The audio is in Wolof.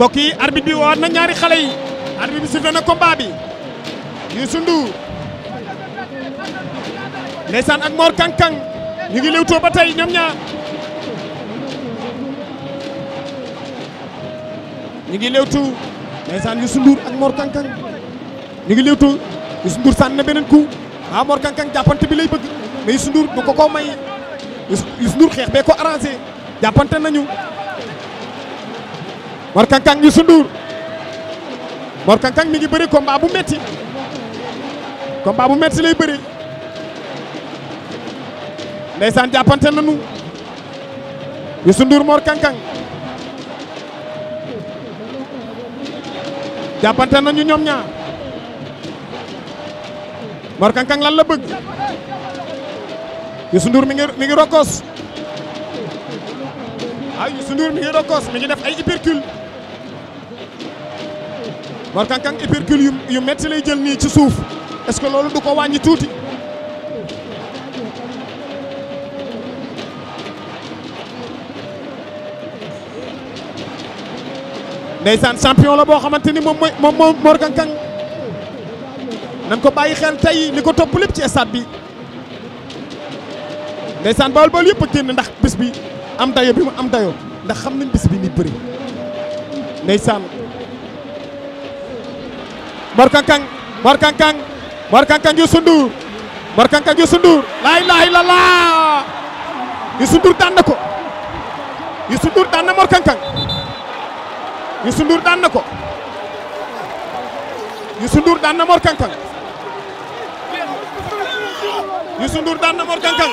mbokk yi arbitre bi woowaat ñaari xale yi arbitre bi sifflé na combat bi Youssou Ndour ndeysaan ak Mor Kang Kang ñu ngi lewtoo ba tey ñoom ñaar ñu ngi lewtu ndeysaan Youssou Ndour ak Mor Kang Kang ñu ngi lewtu Youssou Ndour sànni beneen coup ah Mor Kang Kang jàppante bi lay bëgg mais Youssou Ndour bu ko ko may Youssou Ndour xeex bee ko arrangé jàppante nañu war kankang Kang Youssou Ndour Mor Kang Kang mi ngi bëri combat bu metti combat bu metti lay bëri ndaysan jappante nañu Youssou sundur Mor Kang Kang nañu ñom ñaar Mor Kang lan la bëgg Youssou sundur mi ngi mi ngi rokos ay Youssou Ndour mi ngi mi ngi def ay hypercule Mor Kang Kang yu yu lay jël nii ci suuf est que loolu du ko wàññi tuuti. ndeysaan champion la boo xamante ni moom mooy moom Mor Kang Kang ko bàyyi xel tey li ko topp lépp ci stade bi ndeysaan Bawol Bawol yëpp a génn ndax bis bi. am dayo bi mu am dayo ndax xam nañ bis bi ni bëri ndeysaan Mor Kang Kang Mor Kang Kang Mor Kang Kang Youssou Ndour Mor Kang Kang Youssou Ndour laa ilaaha illallaah Youssou Ndour daan na ko Youssou Ndour daan na Mor Kang Kang Youssou Ndour daan na ko Youssou Ndour daan na Mor Kang Kang Youssou Ndour daan Mor Kang Kang